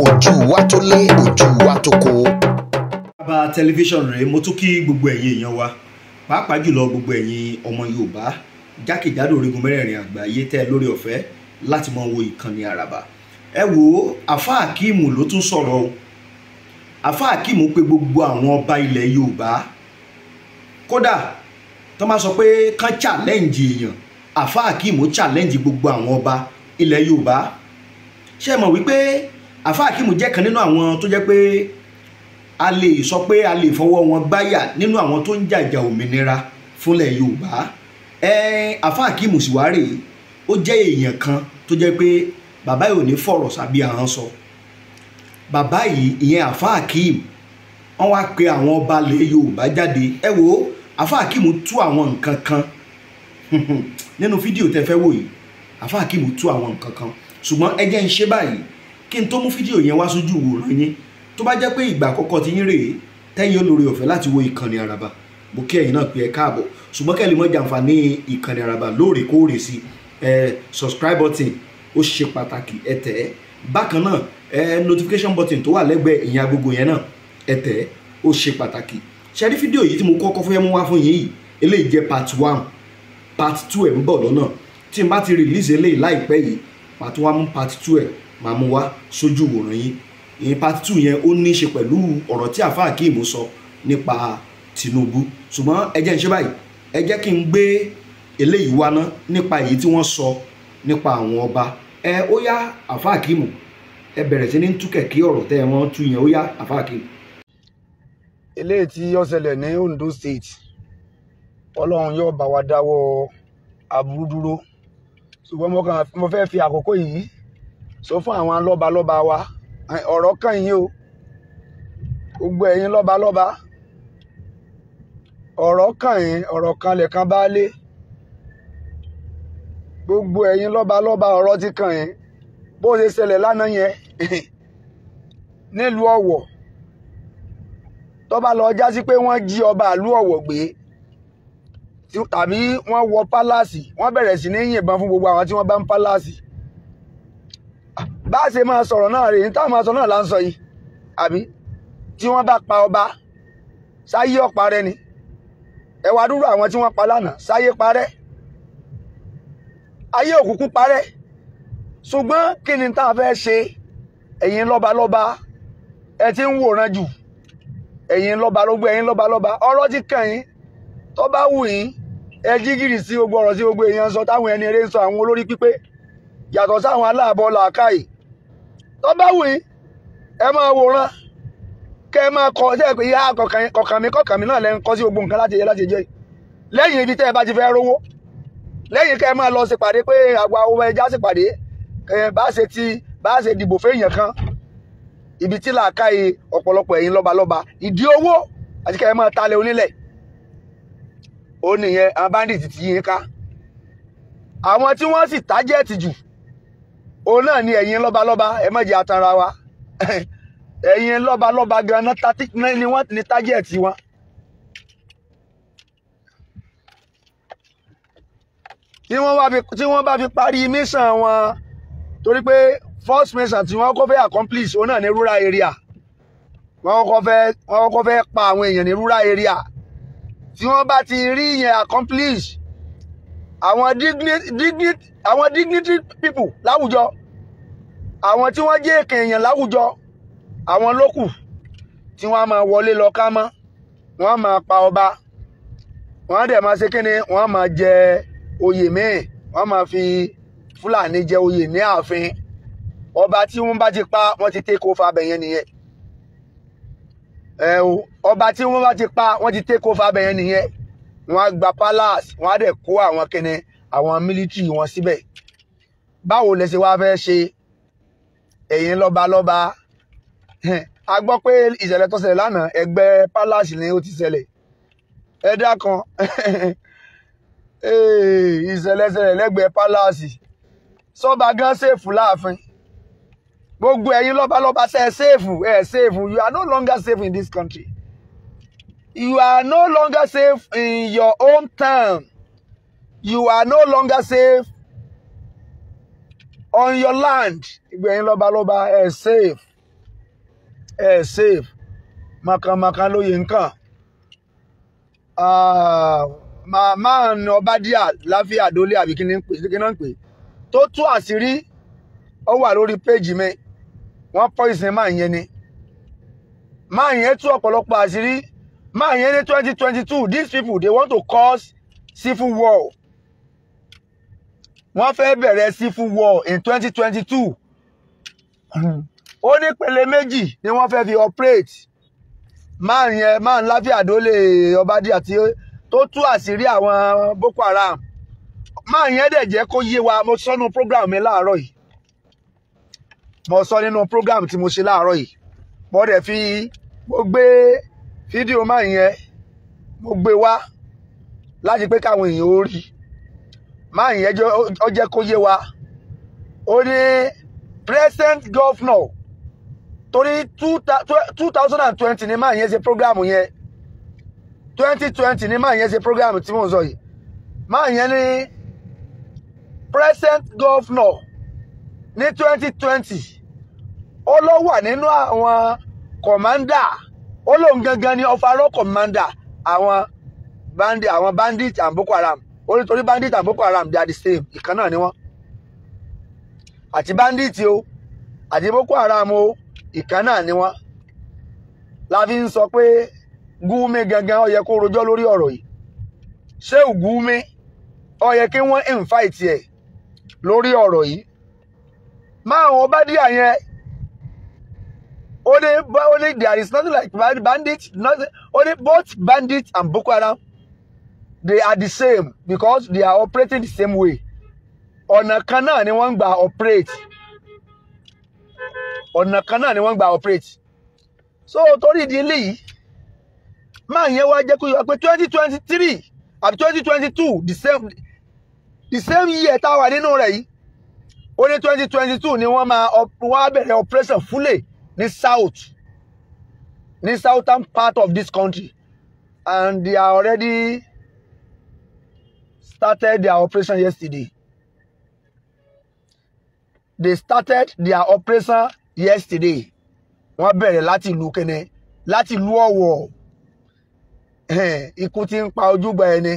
ojú wa tó lé ojú wa tó kó. bàbá tẹlifíṣàn rẹ̀ mo tún kí gbogbo ẹ̀yin èèyàn wa pàápàá jùlọ gbogbo ẹ̀yin ọmọ yorùbá jákèjádò orígun mẹ́rẹ̀ẹ̀rin àgbáyé tẹ́ lórí ọ̀fẹ́ láti máa wo ìkànnì àràbà ẹ wo àfa akíìmù ló tún sọ̀rọ̀ o àfa akíìmù pé gbogbo àwọn ọba ilẹ̀ yorùbá kódà tó máa sọ pé kán challenge èèyàn àfa akíìmù challenge gbogbo àwọn ọba ilẹ̀ yorùbá ṣe mọ̀ wípé àfa akíìmù jẹ́ kan nínú àwọn tó jẹ́ pé a lè sọ pé a lè fọwọ́ wọn gbáyà nínú àwọn tó ń jàjà òmìnira fúnlẹ̀ yorùbá ẹ àfa akíìmù síwárè ó jẹ́ èèyàn kan tó jẹ́ pé bàbá yìí ò ní fọ̀rọ̀ sábì ahọ́n sọ bàbá yìí ìyẹn àfa akíìmù wọ́n wá pe àwọn ọba ilẹ̀ yorùbá jáde ẹ wo àfa akíìmù tú àwọn nǹkan kan nínú fídíò tẹ fẹ́ wò yìí àfa akíìmù tú àwọn nǹkan kan ṣùgbọ́n ẹ jẹ́ ń ṣe báyìí kí n tó mú fídíò yẹn wá sójú ìwòran yín tó bá jẹ́ pé ìgbà àkọ́kọ́ ti yín rèé tẹ́yìn olórí ọ̀fẹ́ láti wo ìkànnì àràbà mo kí ẹ̀yin náà pé ẹ káàbọ̀ ṣùgbọ́n kẹ́lẹ́ mọ́ jàǹfààní ìkànnì àràbà lóòrèkóòrè sí ẹ subscribe button ó ṣe pàtàkì ẹ tẹ̀ ẹ́ bákan náà ẹ notification button tó wà lẹ́gbẹ̀ẹ́ ìyẹn agogo yẹn náà ẹ tẹ̀ ẹ́ ó ṣe pàtàkì ṣe rí fídíò yìí tí mo kọ́kọ́ fẹ́ mú wá fún yín yìí eléyìí jẹ́ part one part two ẹ̀ ń bọ̀ lọ́nà tí n bá ti release eléyìí láìpẹ́ yìí màá tún part two ẹ̀ máa mú wá sójú ìwòran yín ìyẹn part two yẹn ó ní í ṣe pẹ̀lú ọ̀rọ̀ tí àfa akeem sọ nípa Tinubu ṣùgbọ́n ẹ jẹ́ ń ṣe báyìí ẹ jẹ́ kí n gbé eléyìí wá ná nípa èyí tí wọ́n sọ nípa àwọn ọba ẹ ó yá àfa akeem ẹ bẹ̀rẹ̀ sí ní tú kẹ̀kẹ́ ọ̀rọ̀ tẹ́ ẹ wọ́n tú yẹn ó yá àfa akeem. eléyìí tí ó ṣẹlẹ̀ ní Ondo State Ọlọ́run yóò bá wa dáwọ́ aburú dúró ṣùgbọ́n mo fẹ́ fi àkókò yìí sọ fún àwọn lọ́balọ́ba wa ọ̀rọ̀ kàn yín o gbogbo ẹ̀yin lọ́balọ́ba ọ̀rọ̀ kàn yín ọ̀rọ̀ kan lẹ̀kan bá lé gbogbo ẹ̀yin lọ́balọ́ba ọ̀rọ̀ ti kàn yín bó ṣe ṣẹlẹ̀ lánàá yẹn nílùú Ọ̀wọ̀ tó bá lọ já sí pé wọ́n jí ọba ìlú Ọ̀wọ̀ gbé tàbí wọ́n wọ pálásì wọ́n bẹ̀rẹ̀ sí ní yìnbọn fún gbogbo àwọn tí wọ́n bá ń pálásì bá a ṣe máa sọ̀rọ̀ náà rèé táwọn máa sọ náà là ń sọ yìí àbí tí wọ́n bá pa ọba sáyé ọ̀pá rẹ ni ẹwà dúró àwọn tí wọ́n pa lánàá sáyé parẹ́ ayé òkùnkùn parẹ́ ṣùgbọ́n kí ni tá a fẹ́ ṣe ẹ̀yin lọ́balọ́ba ẹ ti ń wòran jù ẹ̀yin lọ́balógbó ẹ̀yin lọ́balọ́ba ọ̀rọ̀ ti kàn yín tó bá wù yín ẹ jí gìrì sí gbogbo ọ̀rọ̀ sí gbogbo èèyàn sọ táwọn ẹni eré ń sọ àwọn olórí pípé yàtọ̀ sáwọn aláàbọ̀ làákàyè tó bá wù yín ẹ máa wòran kẹ́ ẹ máa kọ ṣe é pé ìyá kọ̀kànmí kọ̀kànmí náà lẹ́ ń kọ́ sí gbogbo nǹkan láti yẹ láti jẹ́ lẹ́yìn ibi tẹ́ ẹ bá ti fẹ́ rówó lẹ́yìn kẹ́ ẹ máa lọ ṣèpàdé pé àgbà owó ẹja ṣèpàdé bá ṣe ti bá ṣe dìbò fẹ́yàn kan ibi tí làákàyè ọ̀pọ̀lọpọ̀ ẹ̀yin lọ́balọ́ba ìdí owó àti kẹ́ ẹ máa talẹ̀ onílẹ̀ ó nìyẹn àwọn bandit ti yín ká àwọn tí wọ́n sì tájẹ́ẹ̀tì jù òun náà ni ẹ̀yin lọ́balọ́ba ẹ má jẹ́ atara wa ẹ̀yin lọ́balọ́ba gan ni wọ́n ni tájẹ̀tì wọn. tí wọ́n bá fi parí mission wọn torí pé first mission tí wọ́n kọ́ fẹ́ accomplish òun náà ní rural area wọ́n kọ́ fẹ́ pa àwọn èèyàn ní rural area tí wọ́n bá ti rí yẹn accomplish àwọn dignity people láwùjọ àwọn tí wọ́n jẹ́ èkè èèyàn láwùjọ àwọn lókù tí wọ́n á máa wọlé lọ ká mọ́ wọ́n á máa pa ọba wọ́n á dẹ̀ máa ṣe kíni wọ́n á máa jẹ oyè míì wọ́n á máa fi fúlàní jẹ oyè ní ààfin ọba tí wọ́n bá ti pa wọ́n ti tẹ́kọ̀ọ́ fàbẹ̀yẹn nìyẹn ọba tí wọ́n bá ti pa wọ́n ti tẹ́kọ̀ọ́ fàbẹ̀yẹn nìyẹn wọ́n á gba palace wọ́n á dẹ̀ kó àwọn kíni àwọn mílítírì wọn síbẹ̀ báwo lẹ wá fẹ́ ṣe ẹ̀yin lọ́ba lọ́ba a gbọ́ pé ìṣẹ̀lẹ̀ tó ṣẹlẹ̀ lánàá ẹgbẹ́ palace ni ó ti ṣẹlẹ̀ ẹ̀dá kan eh, ìṣẹ̀lẹ̀ ṣẹlẹ̀ lẹ́gbẹ̀ẹ́ palace sọ́ba gan ṣèfù láàfin gbogbo ẹ̀yin lọ́ba lọ́ba ṣe ṣèfù ẹ̀ ṣèfù you are no longer safe in this country you are no longer safe in your hometown you are no longer safe on your land ìgbẹ̀yìn lọ́balọ́ba ẹ̀ safe ẹ̀ safe makamaka lóye nǹkan máa ń ọba díà láfíà dólé àbí kí náà ń pè tó tú àṣírí ó wà lórí péjì mi wọ́n pọ́ ìsìn máa yẹn ni máa yẹn tú ọ̀pọ̀lọpọ̀ àṣírí máa yẹn ní twenty twenty two these people dey want to cause civil war wọ́n fẹ́ bẹ̀rẹ̀ civil war in 2022 ó ní pele méjì ni wọ́n fẹ́ fi operate máa yẹn máa ń láfíà dólè ọbadí àti tó tú àṣírí àwọn Boko Haram máa yẹn dẹ̀ jẹ́ kó yé wa mo sọ program mi láàárọ̀ yìí mo sọ nínú program tí mo ṣe láàárọ̀ yìí mo dẹ̀ fi mo gbé fídíò máa yẹn mo gbé wá láti pé káwọn èèyàn ó rí i máa yẹn ó jẹ́ kó yé wa ó ní present governor torí two thousand and twenty ni máa yẹn ṣe programu yẹn twenty twenty ni máa yẹn ṣe programu tí mò ń sọ yìí máa yẹn ní present governor ní twenty twenty ó lọ wà nínú àwọn commander ó lóun gangan ni ọfarọ commander àwọn bandit àwọn bandit and Boko Haram ó ní torí bandit and boko haram they are the same ìkan náà ni wọ́n àti bandit o àti boko haram o ìkan náà ni wọ́n la fi ń sọ pé Gumi gangan ó yẹ kó rojọ́ lórí ọ̀rọ̀ yìí Shehu Gumi ó yẹ kí wọ́n invite ẹ̀ lórí ọ̀rọ̀ yìí máa wọn bá díà yẹn ó ní there is nothing like bandit nothing ó ní both bandit and boko haram they are the same because they are operating the same way ọ̀nà kan náà ni wọ́n ń operate ọ̀nà kan náà ni wọ́n ń operate so torí ìdí eléyìí máa yẹn wá jẹ́ kó pé twenty twenty three àbí twenty twenty two the same the same year tá a wà nínú rẹ̀ yìí ó ní twenty twenty two ni wọ́n máa wá bẹ̀rẹ̀ operation fully ní south ní southern part of this country and they are already started their operation yesterday. They started their operation yesterday. Wọ́n bẹ̀rẹ̀ láti ìlú kẹ́nẹ́ láti ìlú ọ̀wọ̀. Ikú ti ń pa ojúbọ ẹni.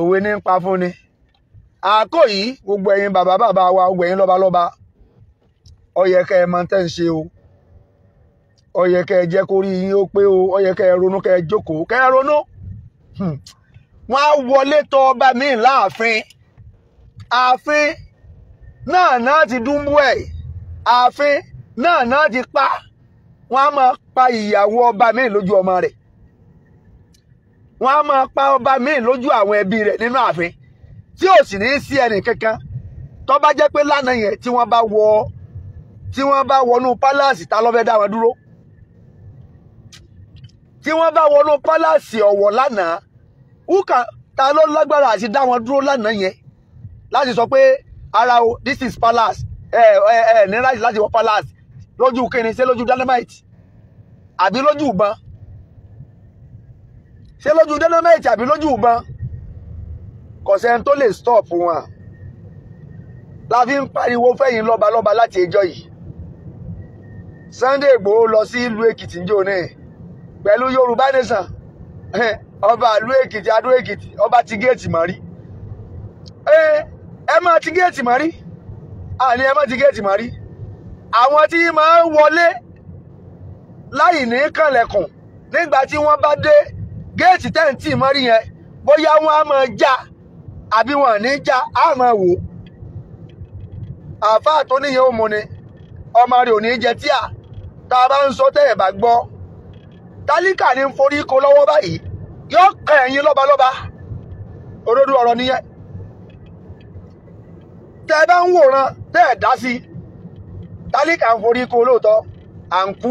Òwe ní ń pa fún ni. Àkó yìí gbogbo ẹ̀yin bàbá bàbá wa gbogbo ẹ̀yin lọ́balọ́ba. Ó kẹ́ ẹ mọ tẹ́ ń ṣe o. Ó kẹ́ ẹ jẹ́ kórí yín ó pé o. Ó kẹ́ ẹ ronú kẹ́ ẹ jókòó kẹ́ ẹ ronú. Hmm wọ́n á wọlé tọ ọba míì láàfin ààfin náà náà ti dúnbú ẹ̀ ààfin náà náà ti pa wọ́n á máa pa ìyàwó ọba míì lójú ọmọ rẹ̀ wọ́n á máa pa ọba míì lójú àwọn ẹbí rẹ̀ nínú ààfin tí ò sì ní í sí ẹnì kankan tó bá jẹ́ pé lánàá yẹn tí wọ́n bá wọ tí wọ́n bá wọnú pálásì ta ló fẹ́ dá wọn dúró tí wọ́n bá wọnú pálásì ọ̀wọ̀ lánàá wúkà ta ló lágbára àti dá wọn dúró lánàá yẹn láti sọ pé ara o this is palace ẹ ẹ ẹ ní láti láti wọ palace lójú kínní ṣé lójú dynamite àbí lójú ìbọn ṣé lójú dynamite àbí lójú ìbọn kò sẹ́ni tó lè stop wọn la fi ń pariwo fẹ́yìn lọ́balọ́ba láti ẹjọ́ yìí Sunday Igboho lọ sí ìlú Èkìtì níjó náà pẹ̀lú Yorùbá nation ọba àlú èkìtì adó èkìtì ọba ti géètì mọ́ rí ẹ máa ti géètì mọ́ rí àní ẹ máa ti géètì mọ́ rí àwọn tí máa ń wọlé láì ní kànlẹ̀kùn nígbà tí wọ́n bá dé géètì tẹ́ǹtì mọ́ rí yẹn bóyá wọ́n á máa já àbí wọn ní já á máa wò àáfàá tó níyẹn ó mu ni ọmọ rẹ̀ ò ní jẹ tíà tá a bá ń sọ tẹ́ ẹ̀ bá gbọ́ tálíkà ní forí kó lọ́wọ́ báyìí yóò kan ẹ̀yin lọ́balọ́ba orodu ọ̀rọ̀ nìyẹn tẹ́ ẹ bá ń wòran tẹ́ ẹ dá sí i tálíkà ń forí ko lóòótọ́ à ń kú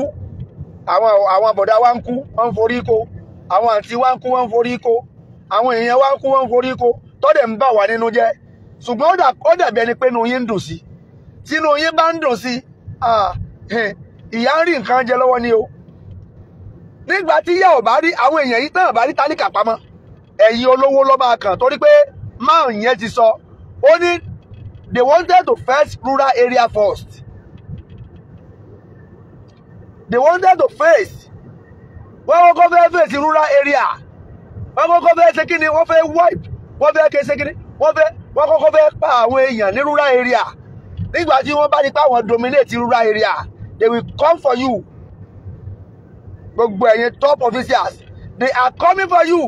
àwọn àwọn àbọ̀dá wa ń kú wọ́n ń forí ko àwọn àǹtí wa ń kú wọ́n ń forí ko àwọn èèyàn wa ń kú wọ́n ń forí ko tọ́dẹ̀ ń bà wá nínú jẹ́ ṣùgbọ́n ó dàbí ẹni pé inú yín ń dùn sí tínú yín bá ń dùn sí ìyá ń rí nǹkan jẹ lọ́wọ́ ni o nígbà tí yá ò bá rí àwọn èèyàn yìí tán bá rí tálíkà pamọ́ ẹ̀yin olówó ló máa kàn torí pé márùn yẹn ti sọ ó ní they wanted to face rural area first they wanted to face wọ́n kọ́kọ́ fẹ́ face rural area wọ́n kọ́kọ́ fẹ́ ṣe kí ni wọ́n fẹ́ wipe wọ́n fẹ́ ké ṣe kí ni wọ́n fẹ́ wọ́n kọ́kọ́ fẹ́ pa àwọn èèyàn ní rural area nígbà tí wọ́n bá rí pé àwọn dominate rural area they will come for you gbogbo ẹ̀yin top officials they are coming for you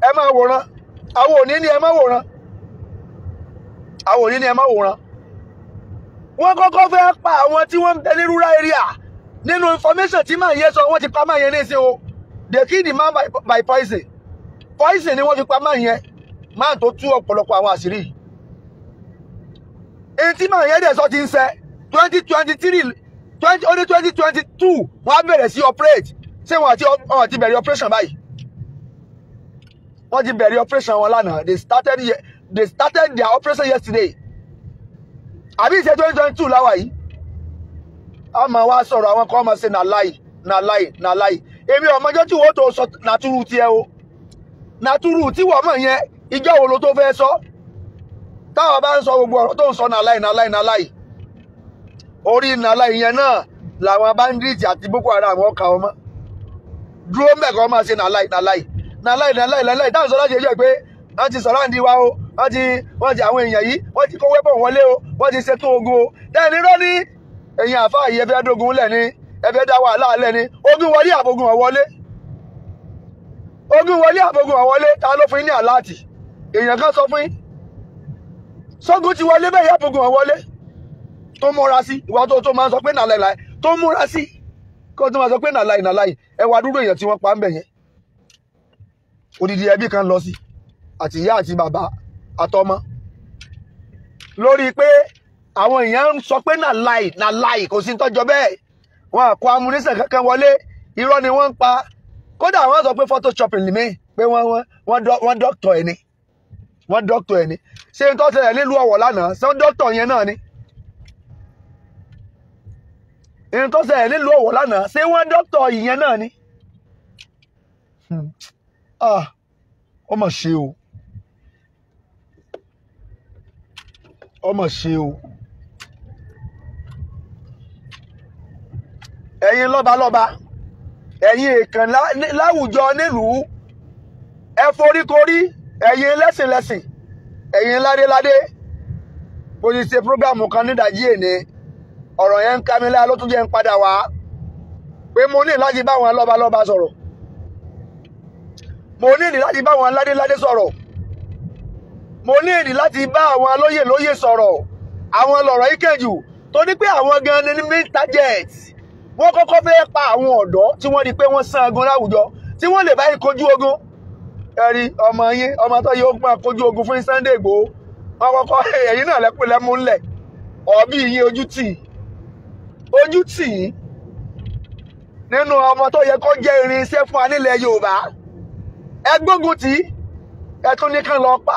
ẹ máa wòran àwọn òní ni ẹ máa wòran àwọn òní ni ẹ máa wòran wọ́n kọ́kọ́ fẹ́ pa àwọn tí wọ́n bẹ ní rural area nínú information tí màá yẹ sọ wọ́n ti pa màá yẹn nísìn o they kill the man by, by poison poison ni wọ́n fi pa màá yẹn máa tó tú ọ̀pọ̀lọpọ̀ àwọn àṣírí èyí tí màá yẹn dẹ̀ sọ ti ń ṣe twenty twenty three twenty only twenty twenty two wọ́n á bẹ̀rẹ̀ sí operate ṣé wọ́n àti wọ́n ti bẹ̀rẹ̀ operation báyìí wọ́n ti bẹ̀rẹ̀ operation wọn lánàá they started they started their operation yesterday àbí ìṣe twenty twenty two láwa yìí a máa wá sọ̀rọ̀ àwọn kan máa ṣe na lie, na lie, na lie. èmi ọmọjọ́ tí wọ́n tó sọ nàtúrù tiẹ̀ o nàtúrù tí wọ́n mọ̀ yẹn ìjọ́ wo ló tó fẹ́ sọ táwọn bá ń sọ gbogbo ọ̀rọ̀ tó ń sọ na lie, na lie. nà láì orí nàlá ìyẹn náà làwọn bandits àti boko haram ọkà ọmọ dúró mẹ́kọ̀ọ́ máa ṣe nàlá nàláì nàláì nàláì nàláì táwọn sọ láti ẹjọ́ pé wọ́n ti sọ̀rọ̀ àǹdí o wọ́n ti wọ́n ti àwọn èèyàn yìí wọ́n ti kó wẹ́pọ̀ wọlé o wọ́n ti ṣètò ogun o tẹ́ni rọ́ ní èèyàn àfa yìí ẹ̀fẹ́ dógun lẹ̀ ni ni ogun wọlé ogun sọ fún yín sógun ti wọlé bẹ́ẹ̀ yẹ tó múra sí ìwà tó tó máa sọ pé nàlàyé láì tó múra sí kó tó máa sọ pé nàlàyé nàlàyé ẹwà dúró èèyàn tí wọ́n pa ń bẹ̀ yẹn odidi ẹbí kan lọ sí àti ìyá àti bàbá àtọmọ lórí pé àwọn èèyàn ń sọ pé nàlàyé nàlàyé kò sí tọ́jọ́ bẹ́ẹ̀ wọn àkó amúnísàn kankan wọlé irọ́ ni wọ́n ń pa kódà wọ́n sọ pé photoshopping lè mí pé wọ́n wọ́n dọ́kítọ̀ ẹ̀ ni wọ́n dọ́kítọ̀ ẹ̀ ni ṣé n tó ṣẹlẹ̀ nílùú Ọ̀wọ̀ lánàá ṣé dọ́kítọ̀ yẹn náà ni irun tó ṣẹlẹ̀ nílùú ọ̀wọ̀ lánàá ṣé wọ́n dọ́tọ̀ ìyẹn náà ni. Hmm. Ah, ó mà ṣe o ó mà ṣe o ẹ̀yin lọ́balọ́ba ẹ̀yin èèkàn láwùjọ nílùú ẹ foríkorí ẹ̀yin lẹ́sìnlẹ́sìn ẹ̀yin ládéládé bó ti ṣe prógámù kan nídàjí ènìyàn ọ̀rọ̀ yẹn ń ká mi lára ló tún jẹ́ ń padà wá pé mo ní láti bá wọn lọ́balọ́ba sọ̀rọ̀ mo ní láti bá wọn ládéládé sọ̀rọ̀ mo ní láti bá àwọn lóyè lóyè sọ̀rọ̀ àwọn lọ̀rọ̀ yìí kẹjù tó ní pé àwọn gan ni main target wọ́n kọ́kọ́ fẹ́ pa àwọn ọ̀dọ́ tí wọ́n di pé wọ́n san agun láwùjọ tí wọ́n lè báyìí kojú ogun ẹ̀rí ọmọ yín ọmọ tó yóò máa kojú ogun fún Sunday Igboho wọ́n kọ́kọ́ ẹ̀yìn náà lẹ́kùn ọ̀bí yín ojú tì ojú tì í nínú ọmọ tó yẹ kó jẹ́ irinṣẹ́ fún wa nílẹ̀ Yorùbá ẹ gbógun tì í ẹ tún ní kán lọ pa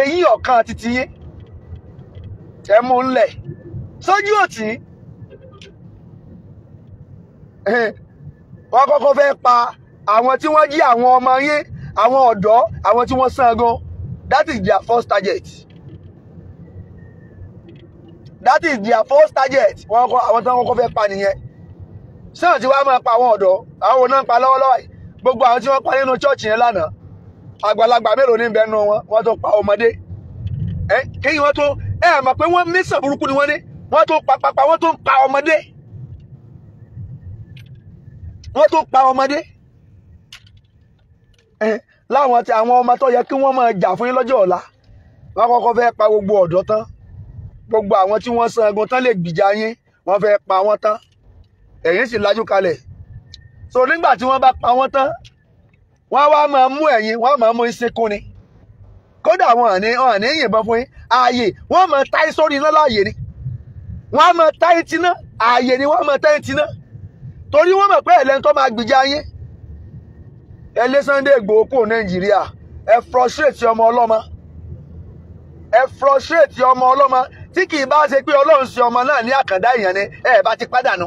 èyí ọ̀kan títí ẹ mú un lẹ̀ sójú òtí wọ́n kọ́kọ́ fẹ́ pa àwọn tí wọ́n jí àwọn ọmọ yín àwọn ọ̀dọ́ àwọn tí wọ́n sán gan that is their first target that is their first target wọn kọ àwọn tí wọn kọ́kọ́ fẹ́ pa nìyẹn sẹ́wọ̀n tí wàá máa pa àwọn ọ̀dọ́ àwọn òun náà ń pa lọ́wọ́lọ́wọ́ yìí gbogbo àwọn tí wọ́n pa nínú chọ́ọ̀chì yẹn lánàá àgbàlagbà mélòó ní bẹ́ẹ̀ nù wọn wọ́n tó pa ọmọdé ẹ kéyìn wọ́n tó ẹ mọ̀ pé wọ́n mísàn burúkú ni wọ́n ní wọ́n tó pa papa wọ́n tó ń pa ọmọdé wọ́n tó pa ọmọdé ẹ láwọn ti àwọn ọmọ tó yẹ kí wọ́n máa jà fún yín lọ́jọ́ ọ̀la wọ́n kọ́kọ́ fẹ́ pa gbogbo ọ̀dọ́ tán gbogbo àwọn tí wọ́n san egun tán lè gbìjà yín wọ́n fẹ́ pa wọ́n tán ẹ̀yin sì lajú kalẹ̀ so nígbà tí wọ́n bá pa wọ́n tán wọ́n wá máa mú ẹ̀yin wọ́n máa mú ìsìnkú ni kódà wọn àní wọn àní yìnbọn fún yín ààyè wọ́n máa táyé sórí iná láàyè ni wọ́n máa táyé tiná ààyè ni wọ́n máa táyé tiná torí wọ́n mọ̀ pé ẹlẹ́ńtọ́ máa gbìjà yín ẹ lé Sunday Igboho kúrò Nàìjíríà ẹ frustrate ọmọ ọlọ́mọ ẹ frustrate ọmọ ọlọ́mọ tí kì í bá ṣe pé ọlọ́run ṣe ọmọ náà ní àkàndá èèyàn ni ẹ bá ti pàdánù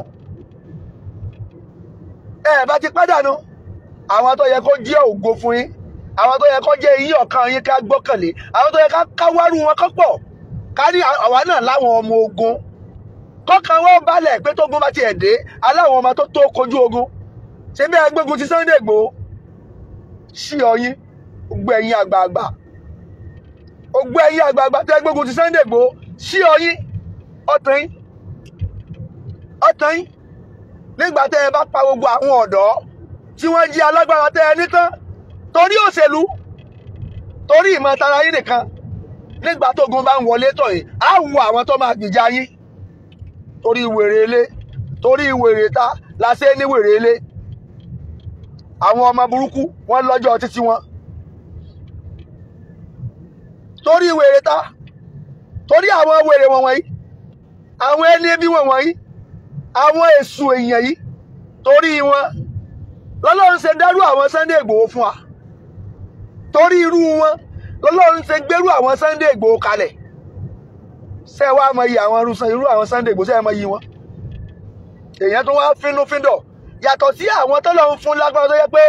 ẹ bá ti pàdánù àwọn tó yẹ kó jẹ́ ògo fún yín àwọn tó yẹ kó jẹ́ iyín ọ̀kan yín ká gbọ́kànlé àwọn tó yẹ ká káwárù wọn kọ́ pọ̀ ká ní àwa náà láwọn ọmọ ogun kọ́kàn wọn balẹ̀ pé tógun bá tiẹ̀ dé aláwọn ọmọ tó tó kojú ogun ṣé bí agbógun ti Sunday Igboho sí ọyín gbogbo àgbààgbà gbogbo ẹ̀yin àgbààgbà tẹ́ ti Sunday sí ọyín ọtàn yín ọtàn yín nígbà tẹ́ ẹ bá pa gbogbo àwọn ọ̀dọ́ tí wọ́n jí alágbára tẹ́ ẹ ní tán torí òṣèlú torí ìmọ̀tara yín nìkan nígbà tógun bá ń wọlé tọ̀ yìí á wo àwọn tó máa gbìjà yín torí wèrè ilé torí wèrè ta la ṣe ní wèrè ilé àwọn ọmọ burúkú wọn lọ́jọ́ títí wọn torí wèrè ta torí àwọn wèrè wọ̀nyí àwọn ẹni ẹbí wọ̀nyí àwọn èṣù èèyàn yìí torí wọn lọ́lọ́run ṣe dárú àwọn Sunday Ìgbòho fún wa torí irú wọn lọ́lọ́run ṣe gbérú àwọn Sunday Ìgbòho kalẹ̀ ṣe wá mọ iye àwọn irú àwọn Sunday Ìgbòho ṣe mọ iye wọn èèyàn tó wá fínúfíndọ̀ yàtọ̀ sí àwọn tọ́lọ́run fún lágbára tó yẹ pé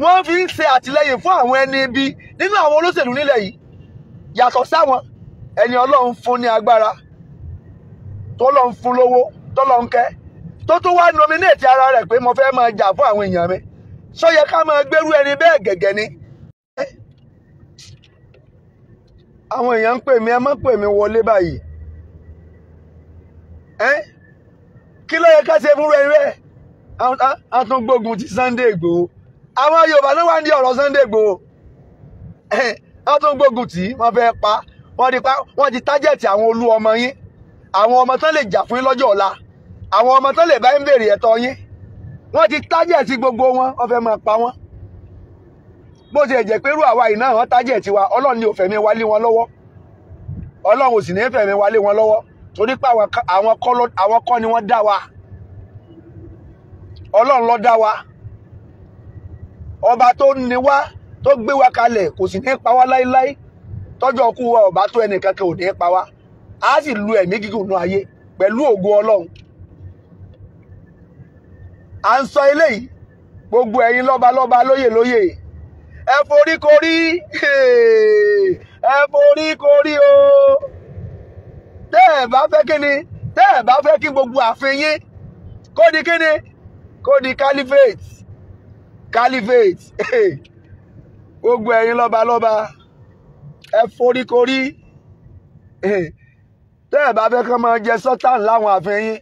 wọ́n fi ń ṣe àtìlẹ́yìn fún àwọn ẹni ibi nínú àwọn olóṣèlú nílẹ̀ yìí yàtọ̀ sáwọn ẹni ọlọ́run fún ní agbára tọ́lọ́run fún lówó tọ́lọ́run kẹ́ tó tún wá nominate ara rẹ̀ pé mo fẹ́ máa jà fún àwọn èèyàn mi ṣó yẹ ká máa gbérú ẹni bẹ́ẹ̀ gẹ́gẹ́ ni. àwọn èèyàn ń pè mí ẹ má pè mí wọlé báyìí kí ló yẹ ká ṣe fún rẹ̀ rẹ̀ a tún gbógun ti Sunday Igboho àwọn Yorùbá náà wá ní ọ̀rọ̀ Sunday Igboho a tún gbógun tì í wọ́n fẹ́ pa á wọ́n ti pa wọ́n ti tájẹ̀tì àwọn olú ọmọ yín àwọn ọmọ tán lè jà fún yín lọ́jọ́ ọ̀la àwọn ọmọ tán lè bá yín béèrè ẹ̀tọ́ yín wọ́n ti tájẹ̀tì gbogbo wọn wọ́n fẹ́ máa pa wọ́n bó ti jẹ́ pé irú àwa yìí náà wọ́n tájẹ̀tì wa ọlọ́run ni ò fẹ̀mí wa lé wọn lọ́wọ́ ọlọ́run ò sì ní fẹ̀mí wa lé wọn lọ́wọ́ torí pé àwọn kọ́ ni wọ́n dá wa ọlọ́run ló dá wa ọba tó ní wa tó gbé wa kalẹ̀ kò sì ní pa wá láéláé tọ́jọ́ kú wa ọ̀bá tó ẹnì kankan ò ní pa wá a sì lu ẹ̀mí gígùn nú ayé pẹ̀lú ògo ọlọ́run à ń sọ eléyìí gbogbo ẹ̀yin lọ́ba lọ́ba lóyè lóyè ẹ forí korí ẹ forí korí o tẹ́ ẹ bá fẹ́ kí ni tẹ́ ẹ bá fẹ́ kí gbogbo ààfin yín kó di kí ni kó di caliphate caliphate gbogbo ẹ̀yin lọ́ba lọ́ba ẹ foríkorí tẹ́ ẹ̀ bá fẹ́ kán máa jẹ sọ́tàn láwọn ààfin yín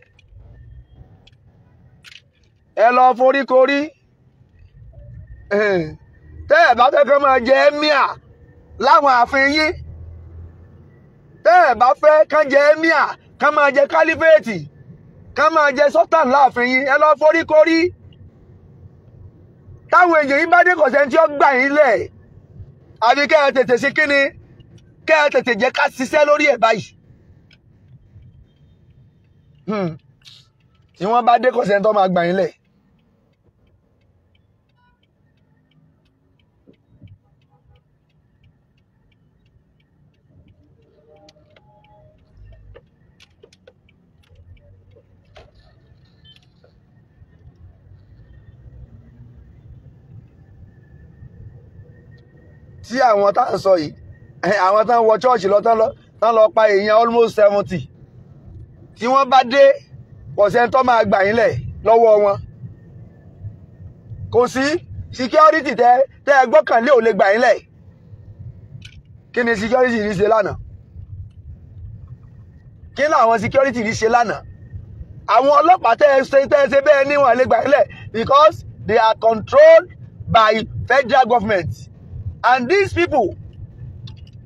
ẹ lọ foríkorí tẹ́ ẹ̀ bá fẹ́ kán máa jẹ ẹ́míà láwọn ààfin yín tẹ́ ẹ̀ bá fẹ́ kán jẹ ẹ́míà kán máa jẹ kálífèètì kán máa jẹ sọ́tàn láàfin yín ẹ lọ foríkorí táwọn èèyàn yín bá dé kọ̀sẹ́ntì ọgbà yín lẹ̀ àbíkẹ́ ẹ tètè sí kínni kẹ́ ẹ tètè jẹ́ ká ṣiṣẹ́ lórí ẹ̀ báyìí hmm. tí wọ́n bá dé kọ̀sẹ̀ tó máa gbà yín lẹ̀. tí àwọn tá à sọ yìí àwọn tán wọ chọ́ọ̀chì lọ tán lọ pa èèyàn almost seventy tí wọ́n bá dé kò sẹ́ni tó máa gbà yín lẹ̀ lọ́wọ́ wọn kò sí security tẹ tẹ ẹ gbọ́kànlé ò lè gbà yín lẹ̀ kí ni security ní ṣe lánàá kí làwọn security ní ṣe lánàá àwọn ọlọ́pàá tẹ ẹ ṣe tẹ ẹ ṣe bẹ́ẹ̀ ni wọ́n lè gbà yín lẹ̀ because they are controlled by federal government and these people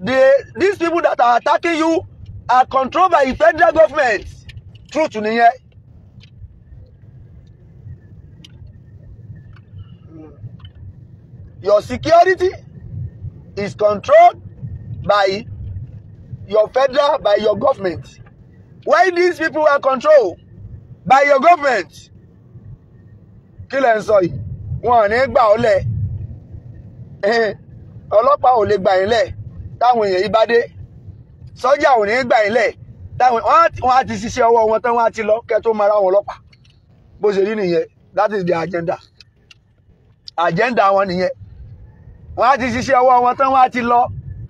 they, these people that are attacking you are controlled by the federal government truth nìyẹn. Your security is controlled by your federal by your government. Why these people are controlled by your government? Kí lẹ̀ ń sọ yìí? Wọ́n ò ní gbà ọ́ lẹ̀. Ọlọ́pàá ò lè gbà táwọn èèyàn yìí bá dé sọ́jà ò ní gbà yín lẹ̀ táwọn wọn á ti ṣiṣẹ́ ọwọ́ wọn tán wọn á ti lọ kẹ́ tó mara wọn lọ́pàá bó ṣe rí nìyẹn that is the agenda agenda wọn nìyẹn wọn á ti ṣiṣẹ́ ọwọ́ wọn tán wọn á ti lọ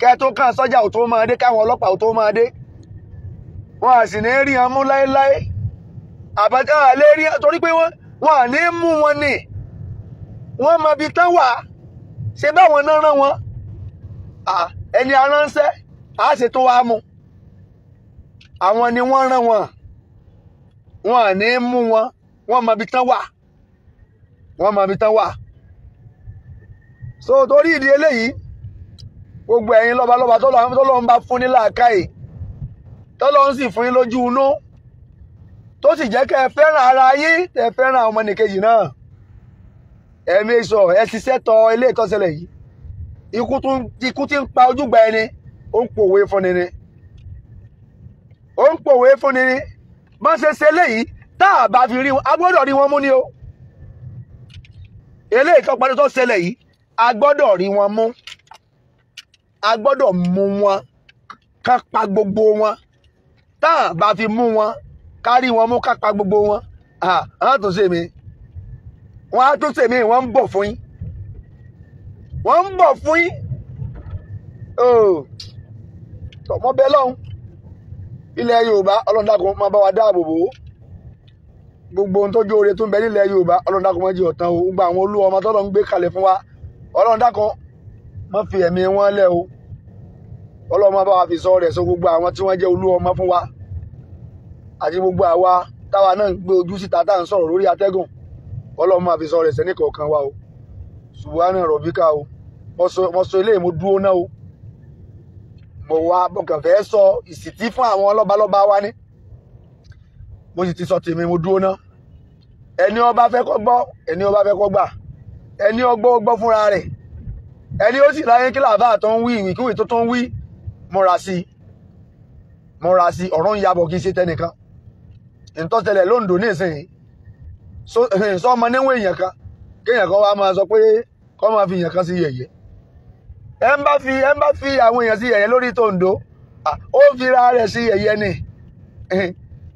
kẹ́ tó kàn sọ́jà ò tó máa dé káwọn ọlọ́pàá ò tó máa dé wọn à sì ní rí wọn mú láéláé àbájá àlẹ rí torí pé wọn wọn à ní mú wọn ni wọn mọ ibi tán wà ṣe báwọn náà rán wọn ẹni aránṣẹ́ á ṣe tó wá mú àwọn ni wọ́n rán wọn wọn à ní mú wọn wọ́n mọ ibi tán wà wọ́n mọ ibi tán wà so torí ìdí eléyìí gbogbo ẹ̀yin lọ́balọ́ba tọ́lọ́run bá fún ní làákàyè tọ́lọ́run sì fún yín lójú inú tó sì jẹ́ kẹ́ ẹ fẹ́ràn ara yín tẹ́ ẹ fẹ́ràn ọmọnìkejì náà ẹ̀mí sọ ẹ ṣiṣẹ́ tọ ilé ìtọ́sẹ̀lẹ̀ yìí ikú tí ń pa ojúgbà ẹni ó ń pòwe fún ni ni ó ń pòwe fún ni ni ṣe ṣe léyìí tá a bá fi rí wọn a rí wọn mú ni o eléyìí tó parí tó ṣẹlẹ̀ yìí a gbọ́dọ̀ rí wọn mú a gbọ́dọ̀ mú wọn ká pa gbogbo wọn tá a bá fi mú wọn ká rí wọn mú ká pa gbogbo wọn àtúnṣe mi wọn á tún wọn ń bọ̀ fún yín wọ́n ń bọ̀ fún yín oh, tọmọ bẹ lọ́hùn ilẹ̀ Yorùbá Ọlọ́run dákun máa bá wa dáàbò bò ó gbogbo ohun tó jó ore tó ń bẹ nílẹ̀ Yorùbá Ọlọ́run máa jẹ ọ̀tàn o gba àwọn olú ọmọ tọ́lọ́ ń gbé kalẹ̀ fún wa Ọlọ́run dákun má fi ẹ̀mí wọn lẹ̀ o Ọlọ́run máa bá wa fi sọ rẹ̀ so gbogbo àwọn tí wọ́n jẹ́ olú ọmọ fún wa àti gbogbo àwa táwa náà ń gbé ojú síta tá à ń sọ̀rọ̀ lórí atẹ́gùn Ọlọ́run máa fi sọ rẹ̀ sẹ́nìkọ̀ọ̀kan wa o subhana rọ̀bíkà o mo sọ eléyìí mo dúró náà o mo wá mo kàn fẹ́ sọ ìsìtí fún àwọn lọ́balọ́ba wa ní mo sì ti sọ tèmi mo dúró náà ẹni ó bá fẹ́ kó gbọ́ ẹni ó bá fẹ́ kó gbà ẹni ó gbọ́ ó gbọ́ fúnra rẹ̀ ẹni ó sì láyé kí làbá tó ń wí ìwìkúwì tó tó ń wí múra sí i múra sí i ọ̀rọ̀ ń yabọ̀ kì í ṣe tẹnìkan ìtọ́tẹlẹ̀ lóńdó ní ìsinyìí sọ ọmọ níwọ̀n èèyàn kan kéèyàn kan wá máa sọ pé kọ́ máa fi èèyàn kan sí yẹ̀yẹ́ ẹ ń bá fi ẹ ń bá fi àwọn èèyàn sí yẹ̀yẹ́ lórí tòǹdó ó ń fira rẹ̀ sí yẹ̀yẹ́ ni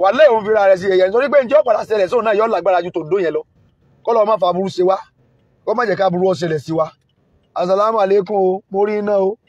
wàlẹ́ òun fira rẹ̀ sí yẹ̀yẹ́ nítorí pé njẹ́ ọ̀pàdà ṣẹlẹ̀ sóun náà yọ lágbára ju tòǹdó yẹn lọ kọ́ lọ́ọ́ má fa aburú ṣe wá kọ́ má jẹ́ ká aburú ó sí wa asalaamualeykum o mo rí iná o.